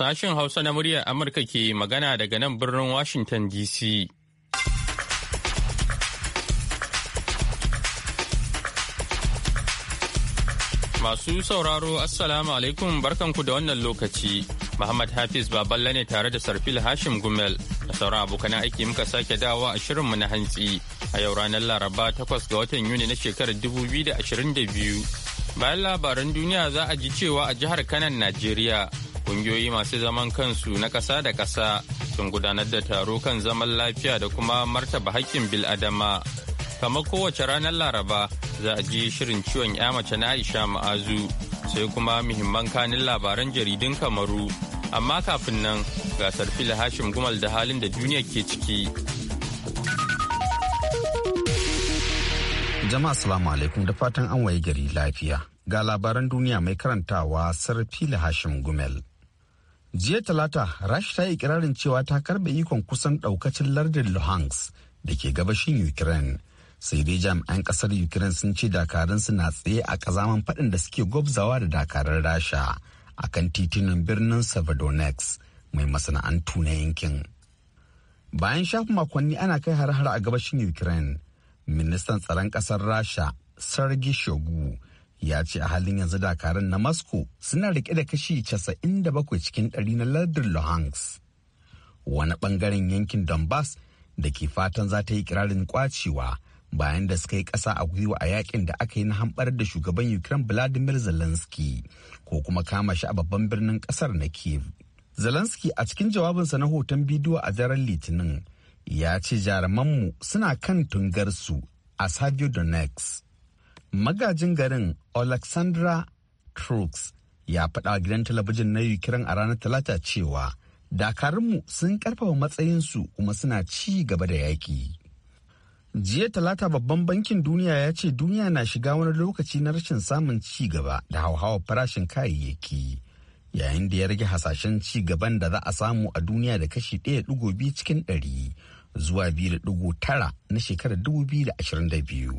Sashen Hausa na muryar Amurka ke magana daga nan birnin Washington DC. Masu sauraro Assalamu alaikum barkanku da wannan lokaci. Muhammad Hafiz Baballe ne tare da Sarfil Hashim Gumel da sauran abokan aiki muka sake dawa a shirinmu na hantsi a yau ranar Laraba takwas ga watan Yuni na shekarar da biyu. Bayan labaran duniya za a ji cewa a jihar Kanan Najeriya Ƙungiyoyi masu zaman kansu na ƙasa da ƙasa sun gudanar da taro kan zaman lafiya da kuma martaba haƙƙin adama Kamar kowace ranar Laraba za a ji shirin ciwon ya mace na Aisha Ma'azu sai kuma muhimman kanin labaran jaridun Kamaru. Amma kafin nan gasar da Hashim Gumal da halin da duniya ke ciki. Jama'a salamu alaikum da fatan an waye gari lafiya. Ga labaran duniya mai karantawa Sarfila Hashim Gumel. jiya talata rashi ta yi kirarin cewa ta karbe ikon kusan ɗaukacin lardin luhansk da ke gabashin ukraine sai dai jami'an ƙasar ukraine sun ce dakaransu na tsaye a kazaman faɗin da suke gwabzawa da dakarar rasha a kan titunan birnin severodonex mai masana'antu na yankin bayan shafin makonni ana kai har-har a gabashin ukraine ministan tsaron ƙasar rasha sergei shogu ya ce a halin yanzu dakaran na moscow suna rike da kashi 97 cikin ɗari na lardin luhansk wani bangaren yankin donbass da ke fatan za ta yi kirarin kwacewa bayan da suka yi ƙasa a gwiwa a yakin da aka yi na hambar da shugaban ukraine vladimir zelensky ko kuma kama shi a babban birnin ƙasar na kiev zelensky a cikin jawabinsa na hoton bidiyo a daren litinin ya ce jarumanmu suna kan tungarsu a sabio donetsk magajin garin alexandra crooks ya faɗa gidan talabijin na ukraine a ranar talata cewa dakarunmu sun karfafa matsayinsu kuma suna ci gaba da yaƙi jiya talata babban bankin duniya ya ce duniya na shiga wani lokaci na rashin samun ci gaba da hauhawar farashin kayayyaki yayin da ya rage hasashen ci gaban da za a samu a duniya da kashi 1.2 cikin 100 zuwa 2.9 na shekarar 2022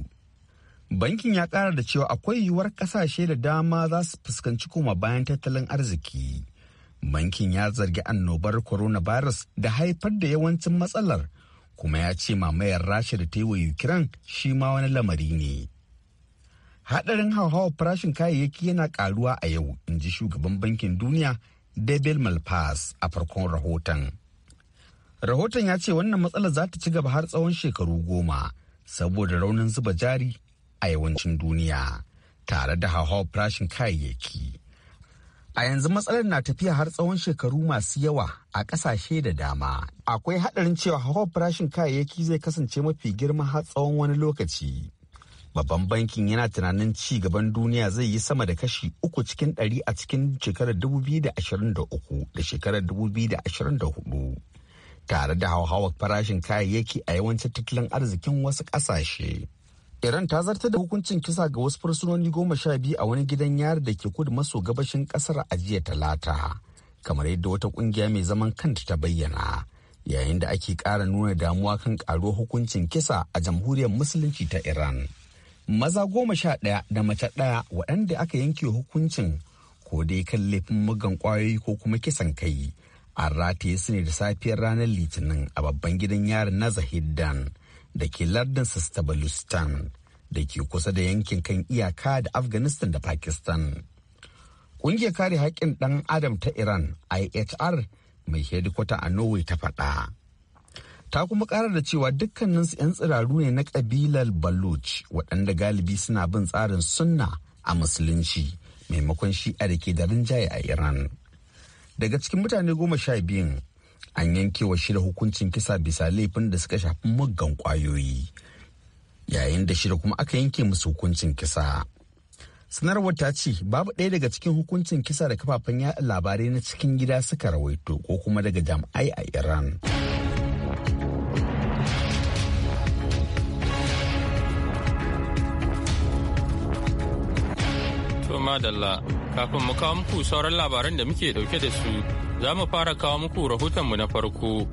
bankin ya kara da cewa akwai yiwuwar kasashe da dama za su fuskanci koma bayan tattalin arziki bankin ya zargi annobar coronavirus da haifar da yawancin matsalar kuma ya ce mamayar rasha da ta yi wa ukraine shi ma wani lamari ne haɗarin hauhawar farashin kayayyaki yana ƙaruwa a yau in ji shugaban bankin duniya Debel malpass a farkon rahoton rahoton ya ce wannan matsalar za ta ci gaba har tsawon shekaru goma saboda raunin zuba jari a yawancin duniya tare da hauhawar farashin kayayyaki. A yanzu matsalar na tafiya har tsawon shekaru masu yawa a ƙasashe da dama. Akwai haɗarin cewa hauhawar farashin kayayyaki zai kasance mafi girma har tsawon wani lokaci. Babban bankin yana tunanin ci gaban duniya zai yi sama da kashi uku cikin ɗari a cikin shekarar 2023 da shekarar 2024. Tare da hauhawar farashin kayayyaki a yawancin tattalin arzikin wasu ƙasashe. Iran ta zarta da hukuncin kisa ga wasu fursunoni goma sha biyu a wani gidan yari da ke kudu maso gabashin kasar a jiya talata, kamar yadda wata kungiya mai zaman kanta ta bayyana, yayin da ake kara nuna damuwa kan ƙaruwar hukuncin kisa a jamhuriyar musulunci ta Iran. Maza goma sha ɗaya da mace ɗaya waɗanda aka yanke hukuncin ko dai kan laifin mugan kwayoyi ko kuma kisan kai. An rataye su ne da safiyar ranar Litinin a babban gidan yarin na Zahiddan. da ke lardin Sistabalistan da ke kusa da yankin kan iyaka da Afghanistan da Pakistan. Ƙungiyar kare haƙƙin ɗan Adam ta Iran IHR mai hedikwata a Norway ta faɗa. Ta kuma ƙara da cewa dukkaninsu 'yan tsiraru ne na ƙabilar Baluch waɗanda galibi suna bin tsarin sunna a musulunci maimakon shi'a da ke da rinjaye a Iran. Daga cikin mutane goma sha biyun an yanke wa shida hukuncin kisa bisa laifin da suka shafi muggan kwayoyi yayin da shida kuma aka yanke musu hukuncin kisa sanarwar ta ce babu ɗaya daga cikin hukuncin kisa da kafafen yaɗa labarai na cikin gida suka rawaito ko kuma daga jam'ai a iran madalla kafin mu kawo muku sauran labaran da muke dauke da su za mu fara kawo muku rahotonmu na farko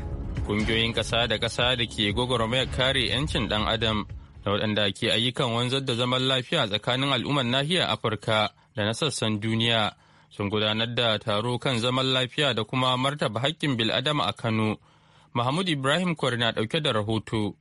kungiyoyin ƙasa da ƙasa da ke gwagwarmayar kare 'yancin ɗan adam Na waɗanda ke ayyukan wanzar da zaman lafiya tsakanin al'ummar nahiyar afirka da na sassan duniya sun gudanar da taro kan zaman lafiya da kuma martaba haƙƙin bil'adama a kano mahmud ibrahim kwari na ɗauke da rahoto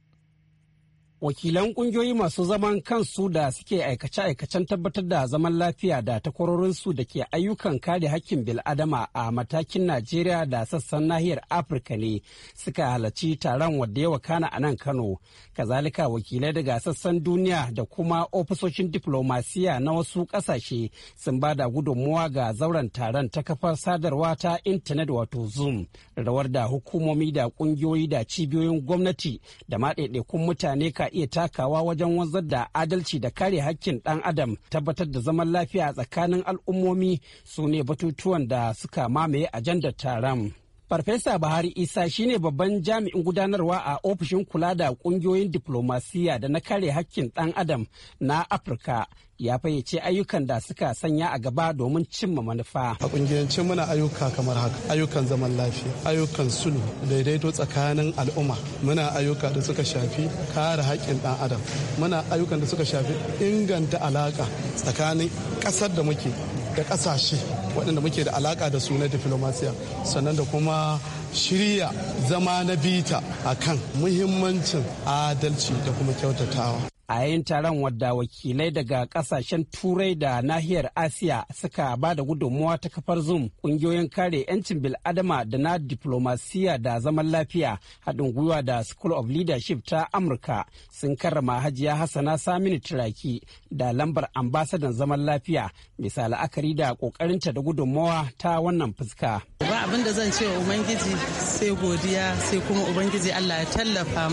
wakilan kungiyoyi masu zaman kansu da suke aikace-aikacen tabbatar da zaman lafiya da takwarorinsu da ke ayyukan kare hakkin bil'adama a matakin najeriya da sassan nahiyar afirka ne suka halarci taron wadda ya wakana a nan kano kazalika wakilai daga sassan duniya da kuma ofisoshin diflomasiya na wasu kasashe sun ba da gudunmuwa ga zauren taron ta kafar sadarwa ta intanet wato zoom rawar da hukumomi da kungiyoyi da cibiyoyin gwamnati da ma mutane ka iya takawa wajen wanzar da adalci da kare hakkin ɗan adam tabbatar da zaman lafiya tsakanin al'ummomi su ne batutuwan da suka mamaye ajandar taron. Farfesa Buhari Isa shine babban jami'in gudanarwa a ofishin kula da kungiyoyin diplomasiya da na kare hakkin ɗan adam na Afirka ya fayyace ayyukan da suka sanya a gaba domin cimma manufa. A kungiyance muna ayyuka kamar haka, ayyukan zaman lafiya, ayyukan sulhu, daidaito tsakanin al'umma, muna ayyuka da suka shafi kare haƙƙin ɗan adam, muna ayyukan da suka shafi inganta alaƙa tsakanin ƙasar da muke da ƙasashe waɗanda muke da alaƙa da su na diflomasiya sannan da kuma shirya zama na bita akan muhimmancin adalci da kuma kyautatawa. a yayin taron wadda wakilai daga kasashen turai da nahiyar asiya suka ba da gudunmuwa ta kafar zoom kungiyoyin kare 'yancin bil'adama da na diplomasiya da zaman lafiya haɗin gwiwa da school of leadership ta amurka sun karrama hajiya hassana saminu turaki da lambar ambasadan zaman lafiya misali la'akari da ƙoƙarinta da gudunmuwa ta wannan fuska ba abin zan ce wa ubangiji sai godiya sai kuma ubangiji allah ya tallafa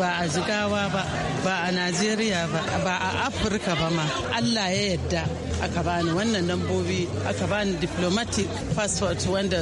ba a jigawa ba ba a najeriya Najeriya ba, ba a Afirka ba ma. Allah ya yadda aka bani wannan lambobi aka bani diplomatic passport wanda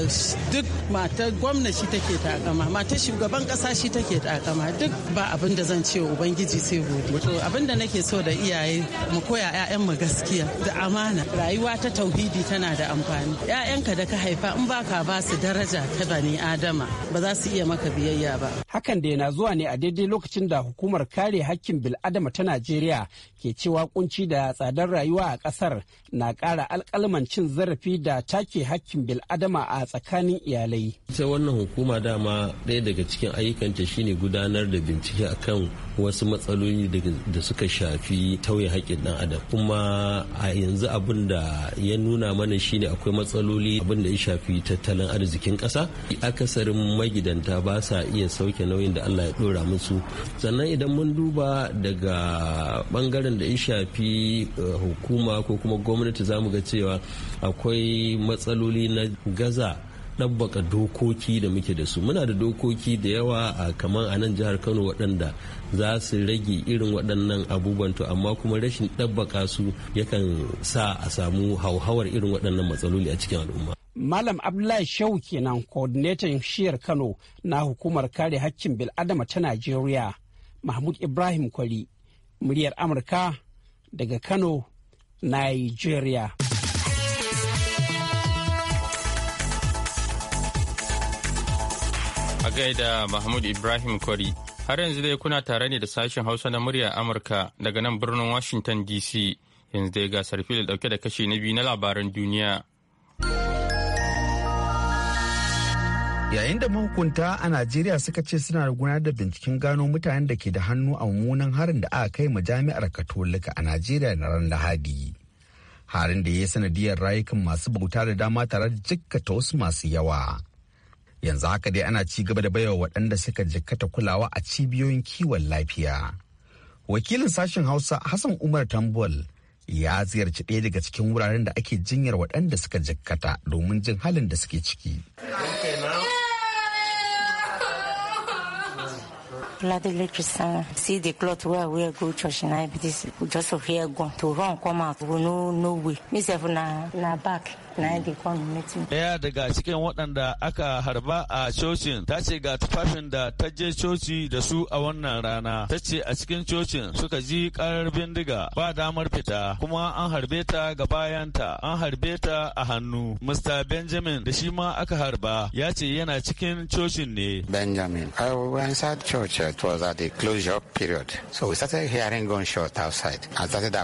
duk matar gwamna shi take takama matar shugaban kasa shi take takama duk ba abin da zan ce ubangiji sai gobe to abin da nake so da iyaye mu koya 'ya'yan mu gaskiya da amana rayuwa ta tauhidi tana da amfani 'ya'yanka da ka haifa in baka ba su daraja ta bani adama ba za su iya maka biyayya ba hakan da yana zuwa ne a daidai lokacin da hukumar kare hakkin bil'adama ta Najeriya ke cewa kunci da tsadar rayuwa a ƙasar. na kara alƙalman cin zarafi da take hakkin bil'adama a tsakanin iyalai. Ita wannan hukuma dama ɗaya daga cikin ayyukanta shine gudanar da bincike akan wasu matsaloli da suka shafi tauye haƙƙin ɗan adam. Kuma a yanzu abin da ya nuna mana shine akwai matsaloli abin da ya shafi tattalin arzikin ƙasa. Akasarin magidanta ba sa iya sauke nauyin da Allah ya ɗora musu. Sannan idan mun duba daga ɓangaren da ya shafi eh, hukuma ko kuma gwamnati za mu ga cewa akwai matsaloli na gaza ɗabbaka dokoki da muke da su muna da dokoki da yawa a kamar a nan jihar kano waɗanda za su rage irin waɗannan abubuwan to amma kuma rashin ɗabbaka su yakan sa a samu hauhawar irin waɗannan matsaloli a cikin al'umma Malam Abdullahi Shehu kenan coordinator shiyar Kano na hukumar kare haƙƙin bil'adama ta Najeriya, Mahmud Ibrahim Kwari, muryar Amurka daga Kano, Nigeria. A gaida Mahmud Ibrahim Kwari, har yanzu dai kuna tare ne da sashen Hausa na murya Amurka daga nan birnin Washington DC, yanzu dai gasar fili dauke da kashi na biyu na labaran duniya. yayin da mahukunta a najeriya suka ce suna gudanar da binciken gano mutanen da ke da hannu a mummunan harin da aka kai ma jami'ar katolika a najeriya na ran lahadi harin da ya yi sanadiyar rayukan masu bauta da dama tare da jikkata wasu masu yawa yanzu haka dai ana ci gaba da baiwa waɗanda suka jikkata kulawa a cibiyoyin kiwon lafiya wakilin sashen hausa hassan umar tambol ya ziyarci ɗaya daga cikin wuraren da ake jinyar waɗanda suka jikkata domin jin halin da suke ciki. Oladele Christian. See the cloth where we go church now, but this just of here gone. To run, come out, we no, no way. me Myself na, na back. na Daya daga cikin waɗanda aka harba a cocin ta ce ga tufafin da ta je coci da su a wannan rana. Ta ce a cikin cocin suka ji karar bindiga ba damar fita kuma an harbe ta ga bayanta an harbe ta a hannu. Mr. Benjamin da shi ma aka harba ya ce yana cikin cocin ne. Benjamin, uh, I uh,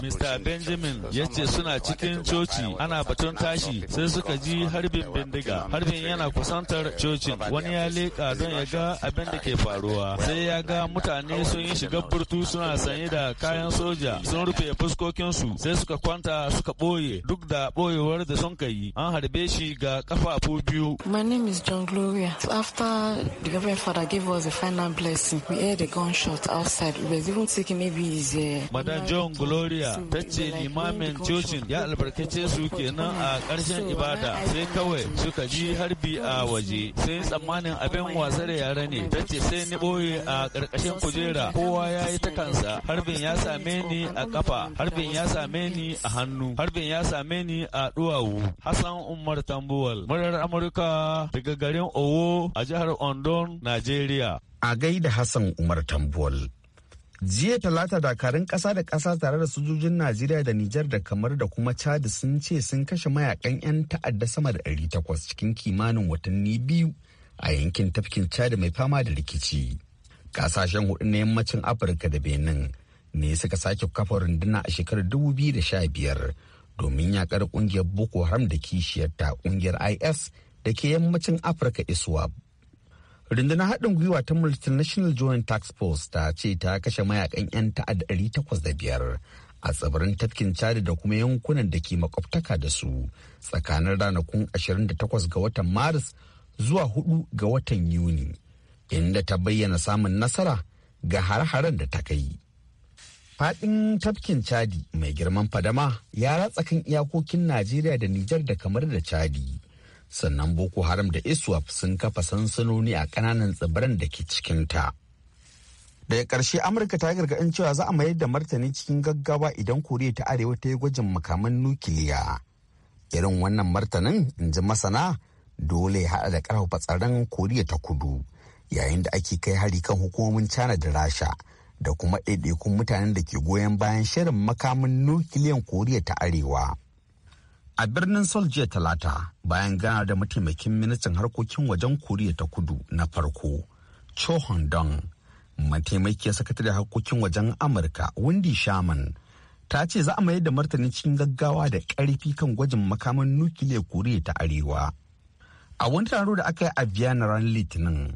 Mr. Benjamin ya ce suna cikin coci ana batun tashi sai suka ji harbin bindiga harbin yana kusantar cocin wani ya leƙa don ya ga abin da ke faruwa sai ya ga mutane sun yi shiga burtu suna sanye da kayan soja sun rufe fuskokinsu sai suka kwanta suka ɓoye duk da ɓoyewar da sun yi an harbe shi ga kafafu biyu. My name is John Gloria. After the government Father gave us a final blessing, we heard a gunshot outside. We were even thinking maybe he's a... Madam John Gloria ta ce limamin cocin ya albarkace su kenan a ƙarshen wajen ibada sai kawai suka ji harbi a waje sai tsammanin abin oh wasa da yara ne ta ce sai ni boye a ƙarƙashin kujera kowa ya yi ta kansa harbin ya same ni a kafa oh, oh, harbin ya same ni a hannu harbin ya same ni a duwawu hassan umar tambuwal murar amurka daga garin owo a jihar ondo najeriya a gaida hassan umar tambuwal jiya talata dakarun ƙasa da ƙasa tare da sojojin najeriya da nijar da kamar da kuma chad sun ce sun kashe mayakan 'yan ta'adda sama da 800 cikin kimanin watanni biyu a yankin tafkin chad mai fama da rikici ƙasashen hudu na yammacin afirka da benin ne suka sake kafa runduna a shekarar 2015 domin yakar kungiyar boko haram da kishiyarta kungiyar is da ke yammacin afirka iswap rundunar haɗin gwiwa ta multinational joint tax force ta ce ta kashe mayakan 'yan ta'adda biyar a tsibirin tafkin chad da kuma yankunan da ke makwabtaka da su tsakanin ranakun 28 ga watan maris zuwa 4 ga watan yuni inda ta bayyana samun nasara ga har-haren da ta kai Faɗin tafkin Chadi mai girman fadama ya ratsa kan iyakokin Najeriya da Nijar da kamar da Chadi. sannan boko haram da iswap sun kafa sansanoni a kananan tsibiran da ke cikinta daga ƙarshe amurka ta gargaɗin cewa za a mayar da martani cikin gaggawa idan koriya ta arewa ta yi gwajin makaman nukiliya irin wannan martanin in ji masana dole ya haɗa da ƙarfafa tsaron koriya ta kudu yayin da ake kai hari kan hukumomin china da rasha da kuma ɗaiɗaikun mutanen da ke goyon bayan shirin makamin nukiliyan koriya ta arewa a birnin Seoul jiya talata bayan gana da mataimakin ministan harkokin wajen koriya ta kudu na farko cho dong mataimakiyar sakatare harkokin wajen amurka wendy shaman ta ce za a mayar da martani cikin gaggawa da karfi kan gwajin makaman nukiliyar koriya ta arewa a wani taro da aka yi a vienna ran litinin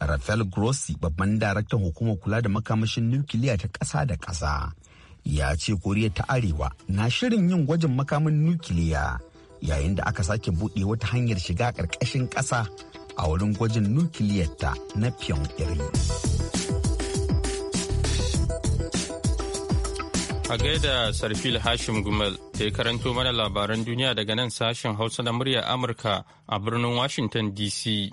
rafael grossi babban daraktan hukumar kula da makamashin nukiliya ta ƙasa da ƙasa ya ce koriya ta arewa na shirin yin gwajin makamin nukiliya yayin da aka sake buɗe wata hanyar shiga ƙarƙashin ƙasa a wurin gwajin ta na pyongyang a gaida sarfil hashim gumel da ya karanto mana labaran duniya daga nan sashen hausa na muryar amurka a birnin washington dc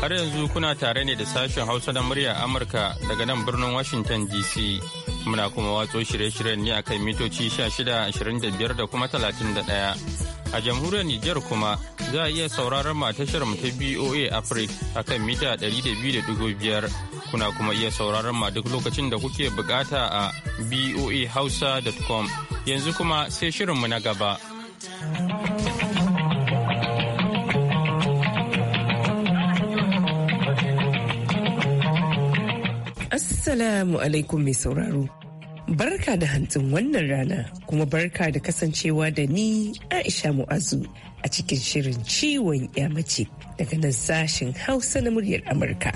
Har yanzu kuna tare ne da sashen Hausa na murya Amurka daga nan birnin Washington DC. Muna kuma watso shirye-shiryen ne akan mitoci 16, 25 da kuma 31. A jamhuriyar Nijar kuma za a iya sauraron matashar ta BOA Africa a kan mita 200.5 kuna kuma iya sauraron ma duk lokacin da kuke bukata a boa Hausa.com. yanzu kuma sai shirinmu na gaba. Assalamu alaikum mai sauraro. Barka da hantsin wannan rana kuma barka da kasancewa da ni Aisha Mu'azu a cikin shirin ciwon mace daga nan sashen Hausa na muryar Amurka.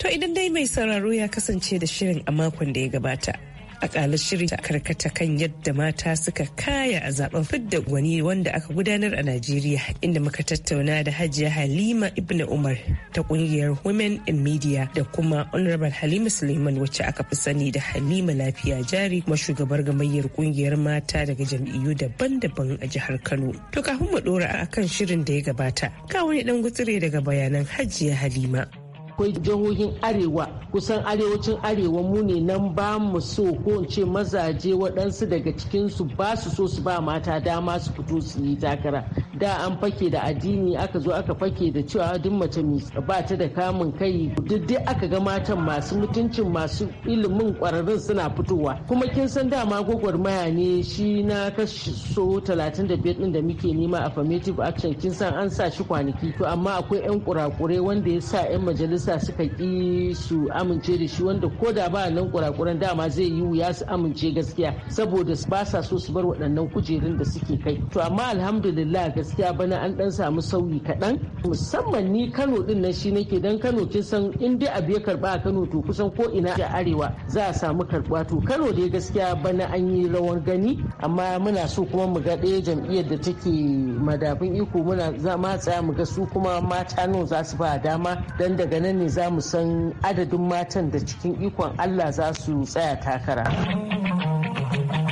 To idan dai mai sauraro ya kasance da shirin a makon da ya gabata. akalar shirin ta karkata kan yadda mata suka kaya a zaben fidda gwani wanda aka gudanar a najeriya inda muka tattauna da hajiya halima ibn umar ta kungiyar women in media da kuma honorable halima suleiman wacce aka fi sani da halima lafiya jari kuma shugabar gamayyar kungiyar mata daga jam'iyyu daban-daban a jihar kano to kafin mu dora akan shirin da ya gabata ka wani dan gutsire daga bayanan hajiya halima akwai jihohin arewa kusan arewacin arewa mu ne nan ba mu so ko in ce mazaje waɗansu daga cikinsu ba su so su ba mata dama su fito su yi takara da an fake da addini aka zo aka fake da cewa duk mace ba ta da kamun kai duk dai aka ga matan masu mutuncin masu ilimin kwararrun suna fitowa kuma kin san dama gwagwarmaya ne shi na kashi so 35 din da muke nema affirmative action kin san an sa shi kwanaki to amma akwai yan kurakurai wanda ya sa yan majalisa sa suka ƙi su amince da shi wanda ko da ba nan kurakuran dama zai yi wuya su amince gaskiya saboda ba sa so su bar waɗannan kujerun da suke kai to amma alhamdulillah gaskiya bana an dan samu sauyi kaɗan musamman ni kano din nan shi nake dan kano kin san in dai abu ya karba a kano to kusan ko ina a arewa za a samu karba to kano dai gaskiya bana an yi rawar gani amma muna so kuma mu ga ɗaya jam'iyyar da take madafin iko muna za ma tsaya mu ga su kuma mata nan za su ba dama dan daga nan ne za mu san adadin matan da cikin ikon Allah za su tsaya takara.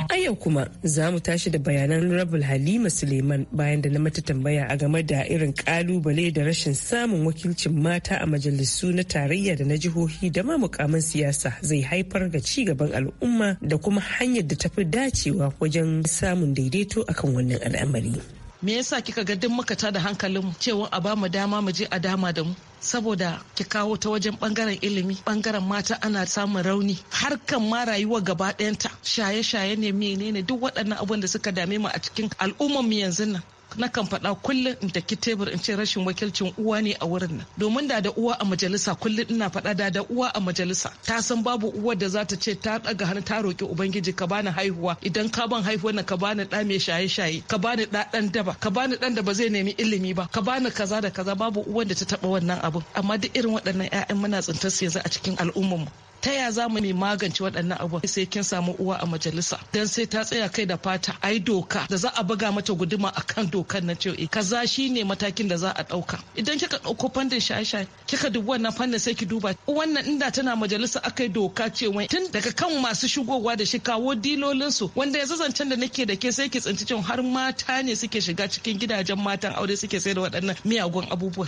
A yau kuma za mu tashi da bayanan rabul Halima Suleiman bayan da na mata tambaya a game da irin kalubale da rashin samun wakilcin mata a majalisu na tarayya da na jihohi da ma mukamin siyasa zai haifar ga ci gaban al'umma da kuma hanyar da tafi dacewa wajen samun daidaito akan wannan al'amari. Me yasa kika ga duk makata da hankalin cewa a ba mu dama mu je a dama da mu? saboda ki kawo ta wajen bangaren ilimi bangaren mata ana samun rauni harkan ma rayuwa gaba ɗayanta shaye-shaye ne menene duk waɗannan abin da suka dame mu a cikin al'ummar mu yanzu nan na kan faɗa kullum in taki tebur in ce rashin wakilcin uwa ne a wurin nan domin da da uwa a majalisa kullum ina faɗa da da uwa a majalisa ta san babu uwa da za ta ce ta ɗaga hannu ta roƙi ubangiji ka bani haihuwa idan ka ban haihuwa na ka bani ɗa mai shaye shaye ka bani ɗa ɗan daba ka bani ɗan da ba zai nemi ilimi ba ka bani kaza da kaza babu uwan da ta taɓa wannan abin amma duk irin waɗannan 'ya'yan muna tsintar su yanzu a cikin al'ummar mu. ta ya za mu magance waɗannan abubuwa sai kin samu uwa a majalisa dan sai ta tsaya kai da fata ai doka da za a buga mata guduma akan dokan na cewa eh, kaza shine matakin da za a ɗauka idan kika ɗauko fandin shaye-shaye kika dubi wannan fannin sai ki duba wannan inda tana majalisa akai doka cewa tun daga kan masu shigowa da shi kawo dilolinsu wanda ya zazzancen da nake da ke sai ki tsinci cewa har mata ne suke shiga cikin gidajen matan aure suke sayar da waɗannan miyagun abubuwa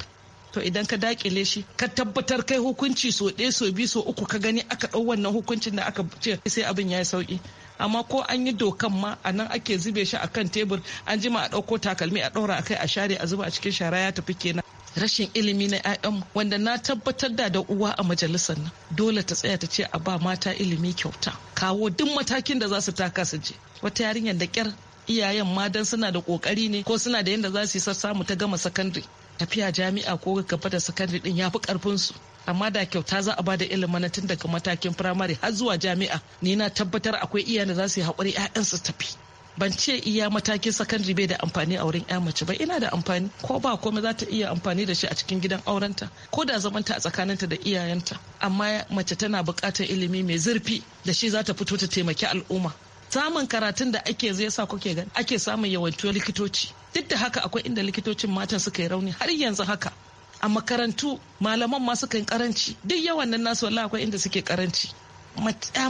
to idan ka dakile shi ka tabbatar kai hukunci so ɗaya so biyu so uku ka gani aka ɗau wannan hukuncin da aka ce sai abin ya yi sauki amma ko an yi dokan ma a nan ake zube shi a kan tebur an jima a ɗauko takalmi a ɗaura a kai a share a zuba a cikin shara ya tafi kenan rashin ilimi na 'ya'yanmu wanda na tabbatar da da uwa a majalisar nan dole ta tsaya ta ce a ba mata ilimi kyauta kawo duk matakin da za su taka su je wata yarinyar da kyar iyayen ma dan suna da kokari ne ko suna da yadda za su yi mu ta gama sakandare tafiya jami'a ko ka da sakandare din ya fi karfin su amma da kyauta za a bada ilimin na tun daga matakin firamare har zuwa jami'a ni na tabbatar akwai iyayen da za su yi haƙuri 'ya'yansu tafi ban ce iya matakin sakandare bai da amfani a wurin 'ya mace ba ina da amfani ko ba komai za ta iya amfani da shi a cikin gidan aurenta ko da zamanta a tsakaninta da iyayenta amma mace tana buƙatar ilimi mai zurfi da shi za ta fito ta taimaki al'umma samun karatun da ake zai sa kuke gani ake samun yawantuwar likitoci duk da haka akwai inda likitocin matan suka yi rauni har yanzu haka a makarantu malaman ma suka yi karanci duk yawan nan nasu wallahi akwai inda suke karanci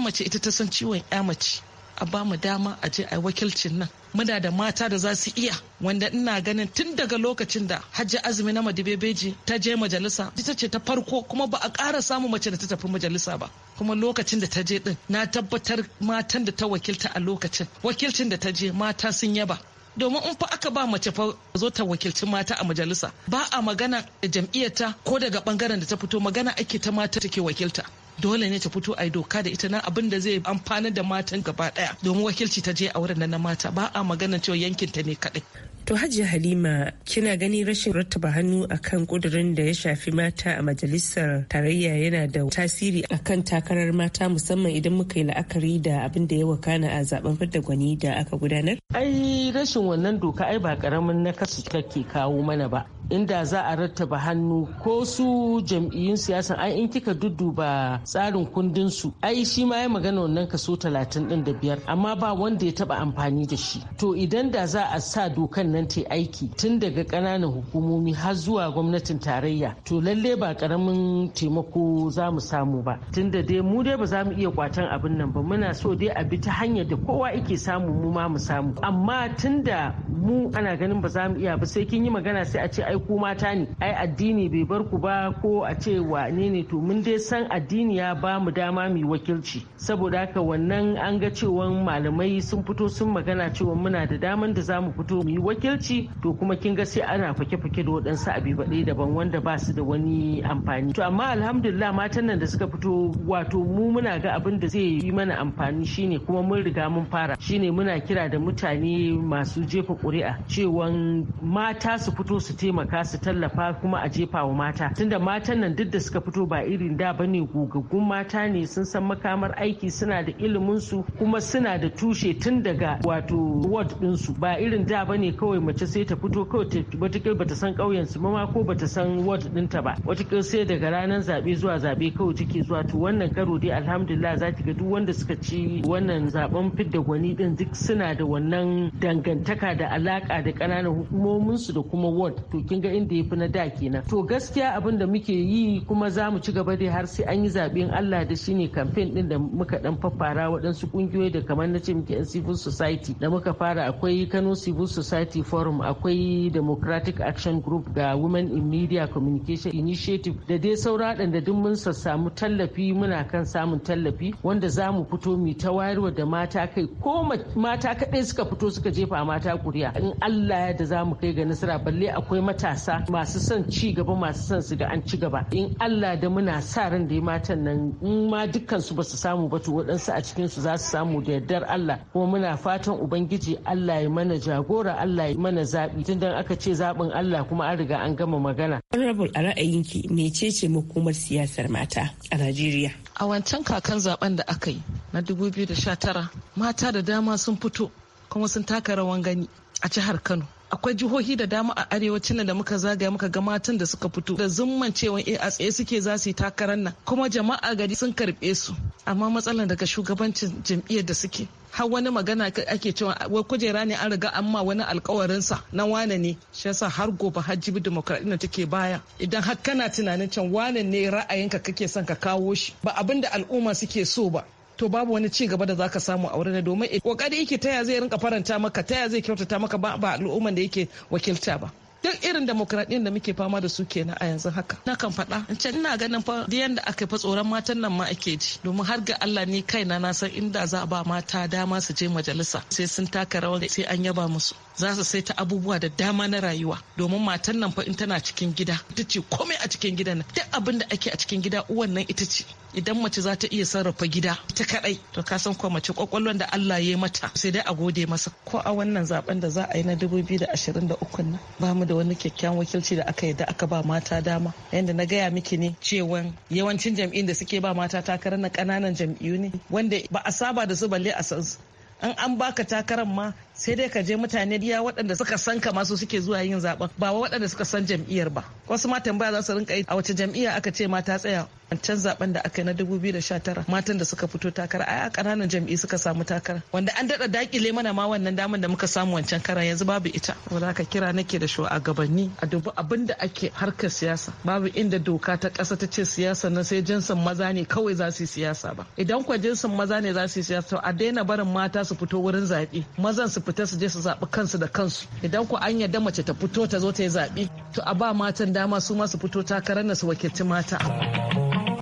mace ita ta san ciwon ya mace a ba mu dama a je a wakilcin nan muna da mata da za su iya wanda ina ganin tun daga lokacin da hajji azumi na madibebeji ta je majalisa ita ce ta farko kuma ba a ƙara samun mace da ta tafi majalisa ba kuma lokacin da ta je din na tabbatar matan da ta wakilta a lokacin wakilcin da ta je mata sun yaba domin in fa aka ba mace fa zo ta wakilci mata a majalisa ba a magana da jam'iyyarta ko daga bangaren da ta fito magana ake ta mata take wakilta dole ne ta fito a doka da ita nan abin da zai amfana da matan gaba daya domin wakilci ta je a wurin na mata ba a magana cewa yankin ta ne kadai To Hajiya Halima kina gani rashin rattaba hannu akan kudurin da ya shafi mata a majalisar tarayya yana da tasiri akan takarar mata musamman idan muka yi la'akari da abin da ya wakana a zaben da gwani da aka gudanar? ai rashin wannan doka ai ba karamin na kasu kake kawo mana ba inda za a rattaba hannu ko su jam'iyyun siyasa ai in kika dudduba tsarin kundin su ai shi ma ya magana wannan kaso talatin din da biyar amma ba wanda ya taba amfani da shi to idan da za a sa dokan nan ta aiki tun daga ƙananan hukumomi har zuwa gwamnatin tarayya to lalle ba karamin taimako za mu samu ba tun da dai mu dai ba za mu iya kwatan abin nan ba muna so dai a bi ta hanyar da kowa yake samu mu ma mu samu amma tunda mu ana ganin ba za mu iya ba sai kin yi magana sai a ce ai ku mata ne ai addini bai bar ku ba ko a ce wane ne to mun dai san addini ya ba mu dama mu wakilci saboda haka wannan an ga cewa malamai sun fito sun magana cewa muna da daman da za mu fito mu yi wakilci to kuma kin ga sai ana fake-fake da waɗansu abibaɗai daban wanda ba su da wani amfani to amma alhamdulillah matan nan da suka fito wato mu muna ga abin da zai yi mana amfani shine kuma mun riga mun fara shine muna kira da mutane mutane masu jefa ƙuri'a cewan mata su fito su taimaka su tallafa kuma a jefa wa mata tunda matan nan duk da suka fito ba irin da bane gogaggun mata ne sun san makamar aiki suna da ilimin su kuma suna da tushe tun daga wato ward din su ba irin da bane kawai mace sai ta fito kawai wata bata san ƙauyen su ma ko bata san ward ba wata sai daga ranar zabe zuwa zabe kawai take zuwa to wannan karo dai alhamdulillah za ki ga duk wanda suka ci wannan zaben fidda gwani din duk suna da wannan wannan dangantaka da alaka da ƙananan hukumominsu da kuma ward to kin ga inda ya fi na da kenan to gaskiya abin da muke yi kuma za mu ci gaba dai har sai an yi zaɓen Allah da shine kamfen din da muka dan faffara waɗansu ƙungiyoyi da kamar na ce muke yan civil society da muka fara akwai Kano Civil Society Forum akwai Democratic Action Group ga Women in Media Communication Initiative da dai saura da duk mun sassamu tallafi muna kan samun tallafi wanda za mu fito mu ta wayarwa da mata kai ko mata kaɗai suka fito suka jefa mata kuriya in Allah ya da za mu kai ga nasara balle akwai matasa masu son ci gaba masu son su ga an ci gaba in Allah da muna sa ran da matan nan in ma dukkan su basu samu ba to waɗansu a cikin su za su samu da yardar Allah kuma muna fatan ubangiji Allah ya mana jagora Allah ya mana zabi tun dan aka ce zabin Allah kuma an riga an gama magana Honorable a ra'ayinki mecece makomar siyasar mata a Najeriya a wancan kakan zaben da aka yi na 2019 mata da dama sun fito kuma sun taka rawan gani a jihar kano akwai jihohi da dama a arewacin nan da muka zagaya muka ga matan da suka fito da zumman cewa eh, a suke za su yi takarar nan kuma jama'a gari sun karbe su amma matsalar daga shugabancin jam'iyyar da suke har wani magana ake cewa wai kujera ne an riga amma wani alkawarinsa na wane ne shi yasa har gobe har jibi demokradiyya take baya idan har kana tunanin can wane ne ra'ayinka kake son ka kawo shi ba abin da al'umma suke so ba to babu wani ci gaba da zaka samu a wurin domin kokari eh, yake taya zai rinka faranta maka taya zai kyautata maka ba al'umman da yake wakilta ba duk irin demokradiyyar da muke fama da su kenan a yanzu haka na kan faɗa in ce ina ganin fa da yanda aka fa tsoron matan nan ma ake ji domin har ga Allah ni kaina na san inda za a ba mata dama su je majalisa sai sun taka rawar sai an yaba musu za su saita abubuwa da dama na rayuwa domin matan nan fa in tana cikin gida ita ce komai a cikin gidan nan duk abin da ake a cikin gida uwan nan ita ce idan mace za ta iya sarrafa gida ta kadai to ka san ko mace kwakwalwar da Allah ya mata sai dai a gode masa ko a wannan zaben da za a yi na 2023 nan ba mu da wani kyakkyawan wakilci da aka yadda aka ba mata dama yadda na gaya miki ne cewa yawancin jam'in da suke ba mata takarar na kananan jam'iyyu ne wanda ba a saba da su balle a san su in an baka takarar ma sai dai ka je mutane biya waɗanda suka san ka masu suke zuwa yin zaben ba waɗanda suka san jam'iyyar ba wasu ma tambaya za su rinka yi a wace jam'iyya aka ce mata tsaya wancan zaben da aka yi na 2019 matan da suka fito takara ai a kananan jam'i suka samu takara wanda an dada dakile mana ma wannan daman da muka samu wancan karan yanzu babu ita za ka kira nake da shugabanni a dubu abin da ake harkar siyasa babu inda doka ta kasa ta ce siyasa na sai jinsin maza ne kawai za su yi siyasa ba idan kwa jinsin maza ne za su yi siyasa to a daina barin mata su fito wurin zaɓe mazan su fita su je su zaɓi kansu da kansu idan ku an yarda mace ta fito ta zo ta yi zaɓe to a ba matan dama su ma su fito takarar na su wakilci mata.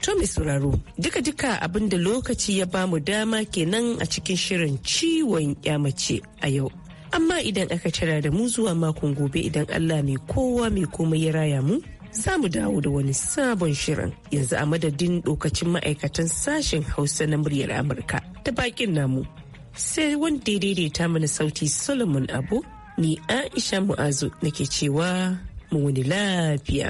To mai sauraro, duka-duka abin da lokaci ya bamu dama kenan a cikin shirin ciwon mace a yau. Amma idan aka tara da mu zuwa makon gobe idan Allah mai kowa mai komai ya raya mu, za mu dawo da wani sabon shirin yanzu a madadin dokacin ma'aikatan sashen hausa na muryar amurka ta bakin namu sai wanda ya daidaita mana sauti solomon abu ni aisha mu'azu nake cewa mu wani lafiya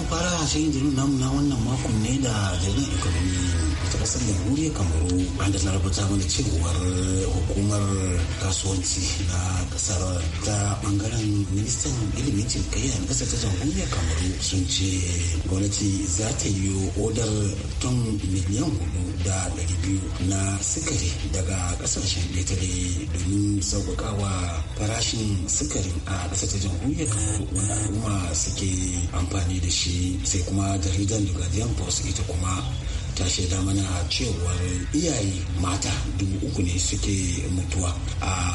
fara shirin jirgin namu na wannan makon ne da jirgin ikonomi ta kasar jamhuriya kamaru an da ta mana cewar hukumar kasuwanci na kasar ta bangaren ministan ilimin cinkayya na kasar ta jamhuriya kamaru sun ce gwamnati za ta yi odar tun miliyan hudu da ɗari biyu na sikari daga kasashen ƙetare domin sauƙaƙawa farashin sikari a kasar ta jamhuriya kamaru wanda al'umma suke amfani da shi sai kuma jaridan the guardian post ita kuma ta shaida mana cewar iyaye mata dubu uku ne suke mutuwa a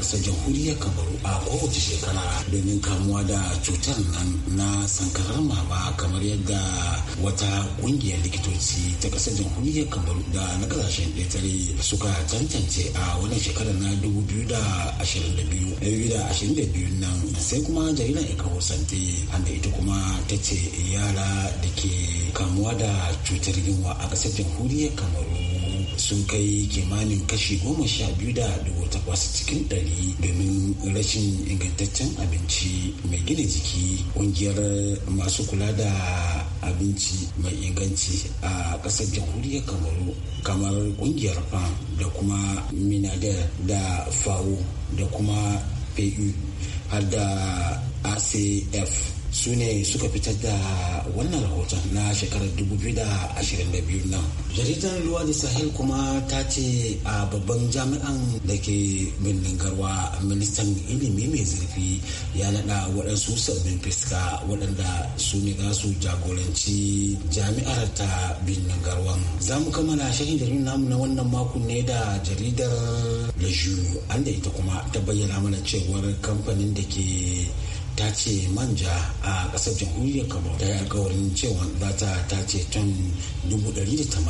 sa jamhuriyar kabaru a kowace shekara domin kamuwa da cutar nan na sankarar ba kamar yadda wata kungiyar likitoci ta kasar jamhuriyar kabaru da na kasashen ɗetare suka tantance a wannan shekarar na 2022 nan sai kuma jaridar ikawo sante ita kuma ta ce yara da ke kamuwa da cutar yunwa a ƙasar jamhuriyar kamaru sun kai kimanin kashi goma sha biyu da dubu takwas cikin ɗari domin rashin ingantaccen abinci mai gina jiki ƙungiyar masu kula da abinci mai inganci a ƙasar jamhuriyar kamaru kamar ƙungiyar fam da kuma minadar da fawo da kuma pu har da acf su ne suka fitar da wannan rahoton na shekarar 2022 na jaridar ruwa da sahil kuma ta ce a babban jami'an da ke birnin garwa ministan ilimi mai zurfi ya nada waɗansu sabbin fiska waɗanda su ne za su jagoranci jami'ar ta birnin garwa za mu kammala shahidarin namu na wannan makon ne da jaridar da an da ita kuma ta bayyana mana cewar kamfanin da ke ta ce manja a kasar jamhuriyar kamo. ta yi alkawarin cewa za ta tace ton 180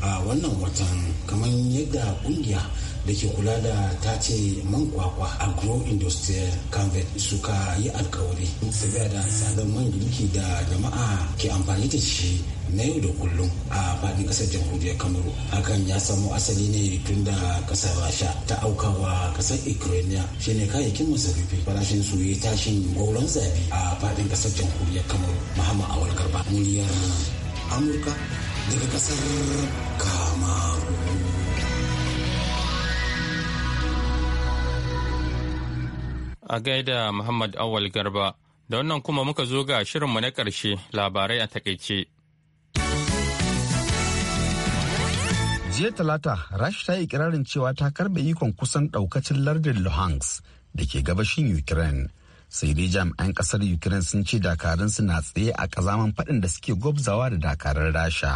a wannan watan kamar yadda kungiya da ke kula da ta ce man kwakwa agro industrial convent suka yi alkawari saboda tsadar man girki da jama'a ke amfani da shi na yau da kullum a faɗin kasar jamhuriyar kamaru hakan ya samo asali ne tun da kasar rasha ta aukawa kasar ukraine shine kayayyakin masarufi farashin su ya tashin gauran zabi a faɗin kasar jamhuriyar kamaru muhammad awal garba muryar amurka daga kasar kamaru a gaida muhammad awal garba da wannan kuma muka zo ga shirinmu na ƙarshe labarai a takaice jiya talata rashi ta yi ikirarin cewa ta karbe ikon kusan daukacin lardin luhansk da ke gabashin ukraine sai dai jami'an kasar ukraine sun ce dakarunsu na tsaye a kazaman faɗin da suke gwabzawa da dakarar rasha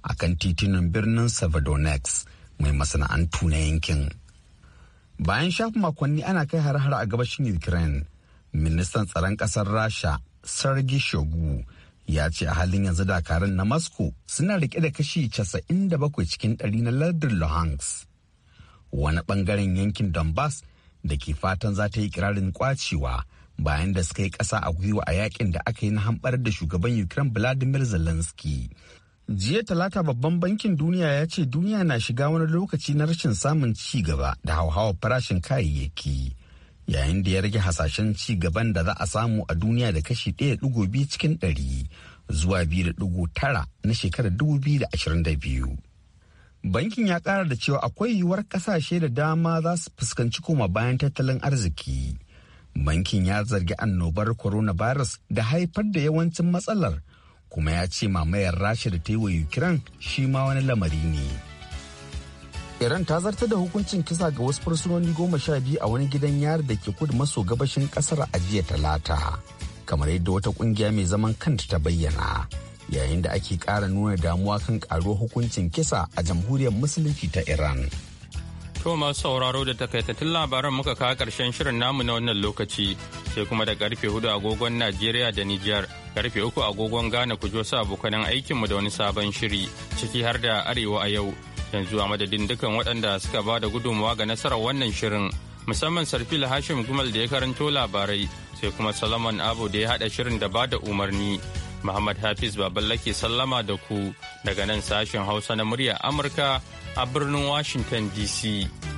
a kan titunan birnin severodonex mai masana'antu na yankin bayan shafin makonni ana kai har-har a gabashin ukraine ministan tsaron kasar rasha sergei shogu ya ce a halin yanzu dakarun na moscow suna rike da kashi 97 cikin ɗari na lardin luhansk wani bangaren yankin donbass da ke fatan za ta yi kirarin kwacewa bayan da suka yi kasa a gwiwa a yakin da aka yi na hambar da shugaban ukraine vladimir zelensky jiya talata babban bankin duniya ya ce duniya na shiga wani lokaci na rashin samun ci gaba da hauhawar farashin kayayyaki yayin da ya rage hasashen ci gaban da za a samu a duniya da kashi ɗaya 1.2 cikin ɗari zuwa tara na shekarar biyu. Bankin ya ƙara da cewa akwai yiwuwar ƙasashe da dama za su fuskanci koma bayan tattalin arziki. Bankin ya zargi annobar coronavirus da haifar da yawancin matsalar kuma ya ce mamayar rasha da ta yi wa Ukraine shi ma wani lamari ne. Iran ta zartar da hukuncin kisa ga wasu fursunoni goma sha biyu a wani gidan yari da ke kudu maso gabashin kasar a jiya talata. Kamar yadda wata kungiya mai zaman kanta ta bayyana yayin da ake kara nuna damuwa kan karuwar hukuncin kisa a jamhuriyar musulunci ta Iran. To masu sauraro da takaitattun labaran muka kawo karshen shirin namu na wannan lokaci sai kuma da karfe hudu agogon Najeriya da Nijar, karfe uku agogon Ghana ku jo sa abokanan aikinmu da wani sabon shiri ciki har da Arewa a yau. yanzu a madadin dukkan waɗanda suka ba da gudunmawa ga nasarar wannan shirin musamman sarfil hashim gumal da ya karanto labarai sai kuma salaman abu da ya haɗa shirin da ba da umarni muhammad hafiz baballake sallama da ku daga nan sashen hausa na murya amurka a birnin washington dc